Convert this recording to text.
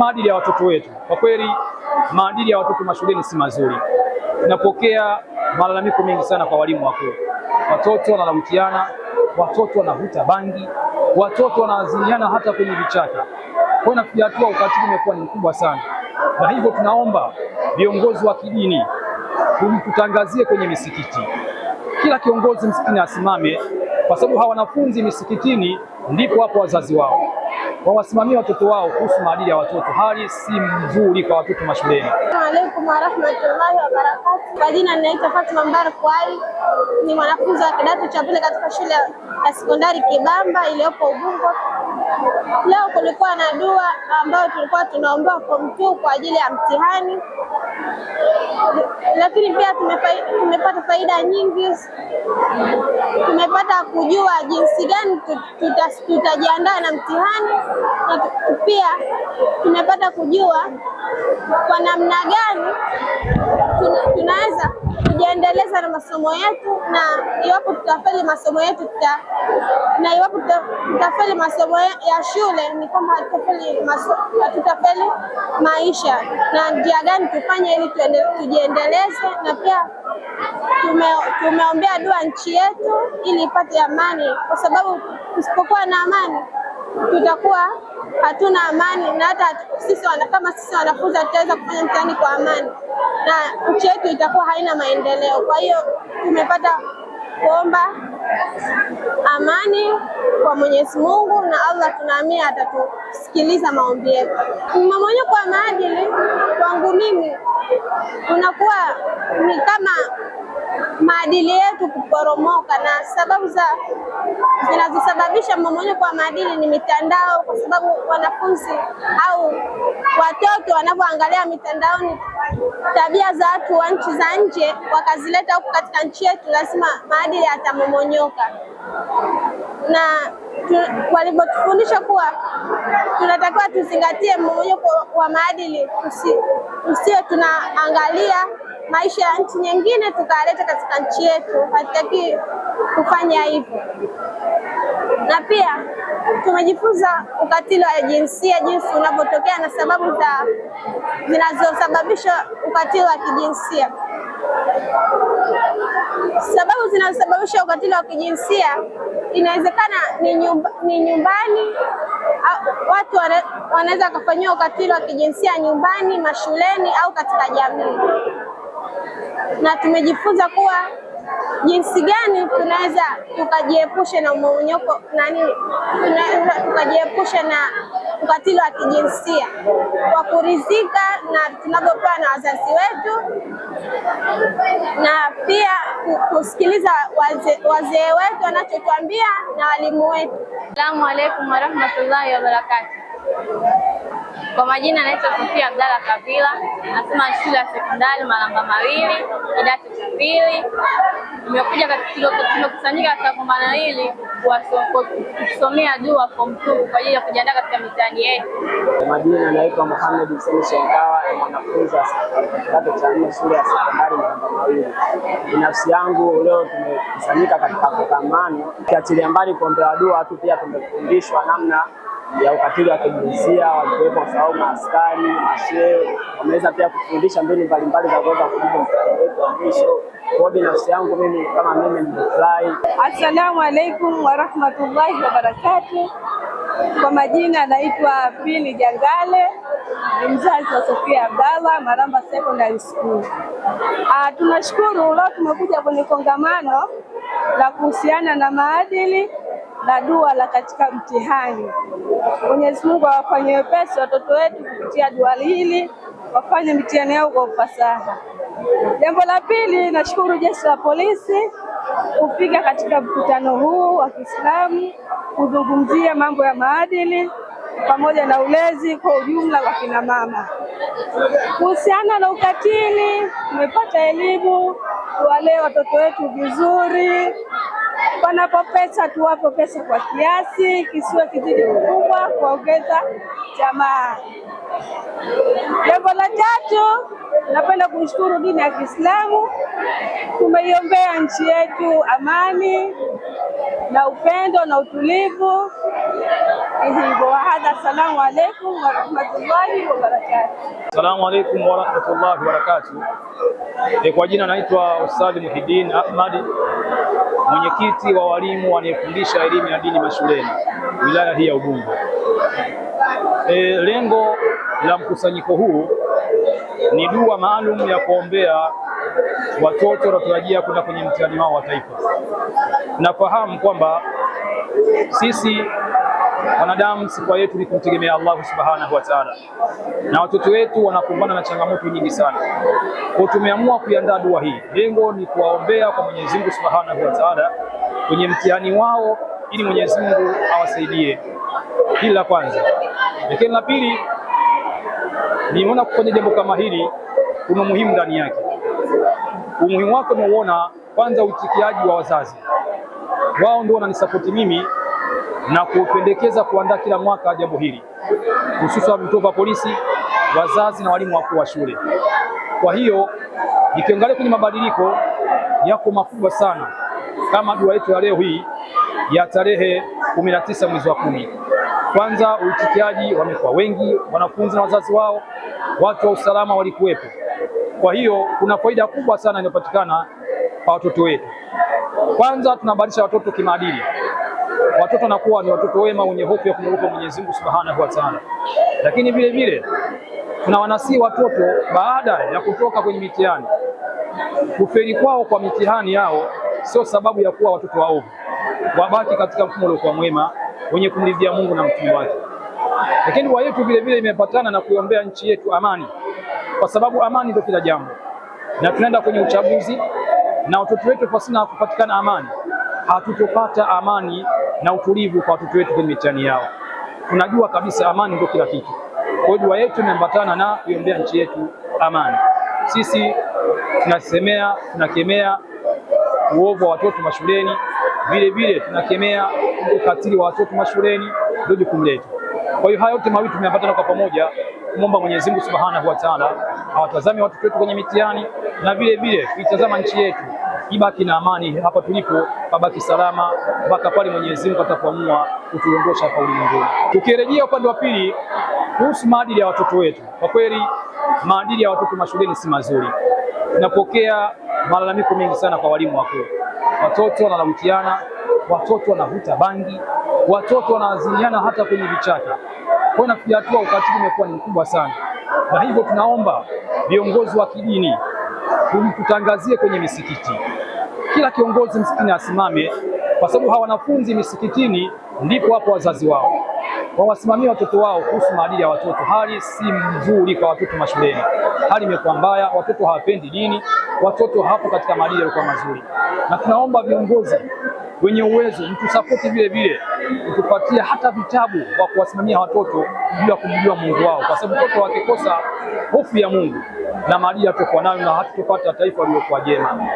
maadili ya watoto wetu. Kwa kweli maadili ya watoto mashuleni si mazuri. Tunapokea malalamiko mengi sana kwa walimu wakuu, watoto wanalawitiana, watoto wanavuta bangi, watoto wanaziniana hata kwenye vichaka. Kwa nafikia hatua ukatili umekuwa ni mkubwa sana, na hivyo tunaomba viongozi wa kidini tutangazie kwenye misikiti, kila kiongozi msikitini asimame, kwa sababu hawa wanafunzi misikitini ndipo hapo wazazi wao wawasimamie watoto wao kuhusu maadili ya watoto. Hali si mzuri kwa watoto mashuleni. Waalaikum warahmatullahi wabarakatu. Kwa jina ninaitwa Fatuma Mbarak Ali, ni mwanafunzi wa kidato cha pili katika shule ya sekondari Kibamba iliyopo Ubungo. Leo kulikuwa na dua ambayo tulikuwa tunaombewa form two kwa ajili ya mtihani, lakini pia tumepata faida nyingi. Tumepata kujua jinsi gani tutajiandaa na mtihani, na pia tumepata kujua kwa namna gani masomo yetu, na iwapo tutafeli masomo yetu tuta, na iwapo tutafeli masomo ya shule ni kwamba hatutafeli maisha. Na njia gani tufanye ili tujiendeleze? Na pia tume, tumeombea dua nchi yetu ili ipate amani, kwa sababu tusipokuwa na amani tutakuwa hatuna amani na hata sisi kama sisi wanafunzi hatutaweza kufanya mtihani kwa amani na nchi yetu itakuwa haina maendeleo. Kwa hiyo tumepata kuomba amani kwa Mwenyezi Mungu na Allah, tunaamini atatusikiliza maombi yetu. Mmomonyoko wa maadili kwangu mimi unakuwa ni kama maadili yetu kuporomoka, na sababu za zinazosababisha mmomonyoko wa maadili ni mitandao, kwa sababu wanafunzi au watoto wanavyoangalia mitandaoni tabia za watu wa nchi za nje, wakazileta huku katika nchi yetu, lazima maadili yatamomonyoka na walivyotufundisha kuwa tunatakiwa tuzingatie mmomonyoko wa maadili, usio tunaangalia maisha ya nchi nyingine tukaleta katika nchi yetu, hatutaki kufanya hivyo. Na pia tumejifunza ukatili wa jinsia, jinsi unavyotokea na sababu za zinazosababisha ukatili wa kijinsia. Sababu zinazosababisha ukatili wa kijinsia inawezekana ni, nyumba, ni nyumbani watu wanaweza wakafanyiwa ukatili wa kijinsia nyumbani, mashuleni au katika jamii na tumejifunza kuwa jinsi gani tunaweza tukajiepusha na mmomonyoko nani, tukajiepusha na ukatili wa kijinsia kwa kuridhika na tunavyopewa na wazazi wetu, na pia kusikiliza wazee waze wetu wanachotuambia na walimu wetu. Asalamu alaikum warahmatullahi wabarakatuh. Kwa majina naitwa Sofia Abdalla Kavila, nasoma shule ya sekondari Malamba Mawili, kidato cha pili. Nimekuja tumekusanyika katika kongamano hili kusomea dua form 2 kwa ajili ya kujiandaa katika mitihani yetu. Kwa majina naitwa Mohamed Hussein Shenkawa, ni mwanafunzi wa kidato cha nne shule ya sekondari Malamba Mawili. Binafsi yangu leo tumekusanyika katika kongamano, tukiachilia mbali kuombea dua tu, pia tumefundishwa namna ya ukatili wa kijinsia walikuwepo, kwa sababu maaskari mashehe wameweza pia kufundisha mbinu mbalimbali za kuweza kulinda mtaji wetu wa mwisho. Kwa binafsi yangu mimi kama mimi nimefurahi. Assalamu alaikum warahmatullahi wabarakatuh. Kwa majina naitwa Pili Jangale, ni mzazi wa Sofia Abdalla, Maramba Secondary School. Ah, tunashukuru leo tumekuja kwenye kongamano la kuhusiana na maadili na dua la katika mtihani. Mwenyezi Mungu awafanyie wepesi watoto wetu kupitia dua hili, wafanye mitihani yao kwa ufasaha. Jambo la pili, nashukuru jeshi la polisi kufika katika mkutano huu wa Kiislamu kuzungumzia mambo ya maadili pamoja na ulezi kwa ujumla wa kina mama. Kuhusiana na ukatili, tumepata elimu, tuwalee watoto wetu vizuri. Panapo pesa tuwapo pesa kwa kiasi, kisiwe kizidi kikubwa kuongeza jamaa. Jambo la tatu, napenda kushukuru dini ya Kiislamu, tumeiombea nchi yetu amani na upendo na utulivu. Hivyo wahadha, assalamu alaikum warahmatullahi wabarakatuh. Assalamu alaikum warahmatullahi wabarakatuh. Kwa jina naitwa Ustadhi Muhidin Ahmadi mwenyekiti wa walimu wanayefundisha elimu ya dini mashuleni wilaya hii ya Ubungo. E, lengo la mkusanyiko huu ni dua maalum ya kuombea watoto wanaotarajia kwenda kwenye mtihani wao wa taifa. Nafahamu kwamba sisi Wanadamu sifa yetu ni kumtegemea Allah subhanahu wa taala, na watoto wetu wanakumbana na changamoto nyingi sana. Kwa tumeamua kuiandaa dua hii, lengo ni kuwaombea kwa Mwenyezi Mungu subhanahu wa taala kwenye mtihani wao, ili Mwenyezi Mungu awasaidie. Hili la kwanza, lakini la pili, nimeona kufanya jambo kama hili kuna umuhimu ndani yake. Umuhimu wake umeuona kwanza, uitikiaji wa wazazi, wao ndio wananisapoti mimi na kupendekeza kuandaa kila mwaka jambo hili, hususan vituo vya polisi, wazazi na walimu wakuu wa shule. Kwa hiyo nikiangalia kwenye mabadiliko yako makubwa sana, kama dua yetu ya leo hii ya tarehe kumi na tisa mwezi wa kumi. Kwanza uitikiaji wamekuwa wengi, wanafunzi na wazazi wao, watu wa usalama walikuwepo. Kwa hiyo kuna faida kubwa sana inayopatikana kwa watoto wetu. Kwanza tunabadilisha watoto kimaadili watoto wanakuwa ni watoto wema wenye hofu ya kumwogopa Mwenyezi Mungu Subhanahu wa Ta'ala. Lakini vile vile wanasi watoto baada ya kutoka kwenye mitihani. Kufeli kwao kwa mitihani yao sio sababu ya kuwa watoto waovu, wabaki katika mfumo uliokuwa mwema wenye kumridhia Mungu na mtume wake. Lakini dua yetu vile vile imepatana na kuiombea nchi yetu amani, kwa sababu amani ndio kila jambo, na tunaenda kwenye uchaguzi na watoto wetu pasina kupatikana amani hatutopata amani na utulivu kwa watoto wetu kwenye mitihani yao. Tunajua kabisa amani ndio kila kitu. Kwa hiyo dua yetu imeambatana na kuiombea nchi yetu amani. Sisi tunasemea, tunakemea uovu wa watoto mashuleni, vile vile tunakemea ukatili wa watoto mashuleni, ndio jukumu letu. Kwa hiyo haya yote mawili tumeambatana kwa pamoja kumwomba Mwenyezi Mungu Subhanahu wa Ta'ala awatazame watoto wetu kwenye mitihani na vile vile kuitazama nchi yetu ibaki na amani hapa tulipo, pabaki salama mpaka pale Mwenyezi Mungu atakapoamua kutuondosha hapa ulimwenguni. Tukirejea upande wa pili kuhusu maadili ya watoto wetu, kwa kweli maadili ya watoto mashuleni si mazuri. Tunapokea malalamiko mengi sana kwa walimu wakuu, watoto wanalawitiana, watoto wanavuta bangi, watoto wanaziniana hata kwenye vichaka. Kwa nafikia hatua ukatili umekuwa ni mkubwa sana, na hivyo tunaomba viongozi wa kidini tutangazie kwenye misikiti kila kiongozi msikitini asimame, kwa sababu hawa wanafunzi misikitini ndipo hapo wazazi wao wawasimamia watoto wao kuhusu maadili ya watoto. Hali si mzuri kwa watoto mashuleni, hali imekuwa mbaya, watoto hawapendi dini, watoto hapo katika maadili yalikuwa mazuri, na tunaomba viongozi wenye uwezo mtusapoti, vile vile mtupatie hata vitabu wa kuwasimamia watoto juu ya kumjua Mungu wao, kwa sababu watoto wakikosa hofu ya Mungu na maadili yatakuwa nayo, na hatutopata taifa lililokuwa jema.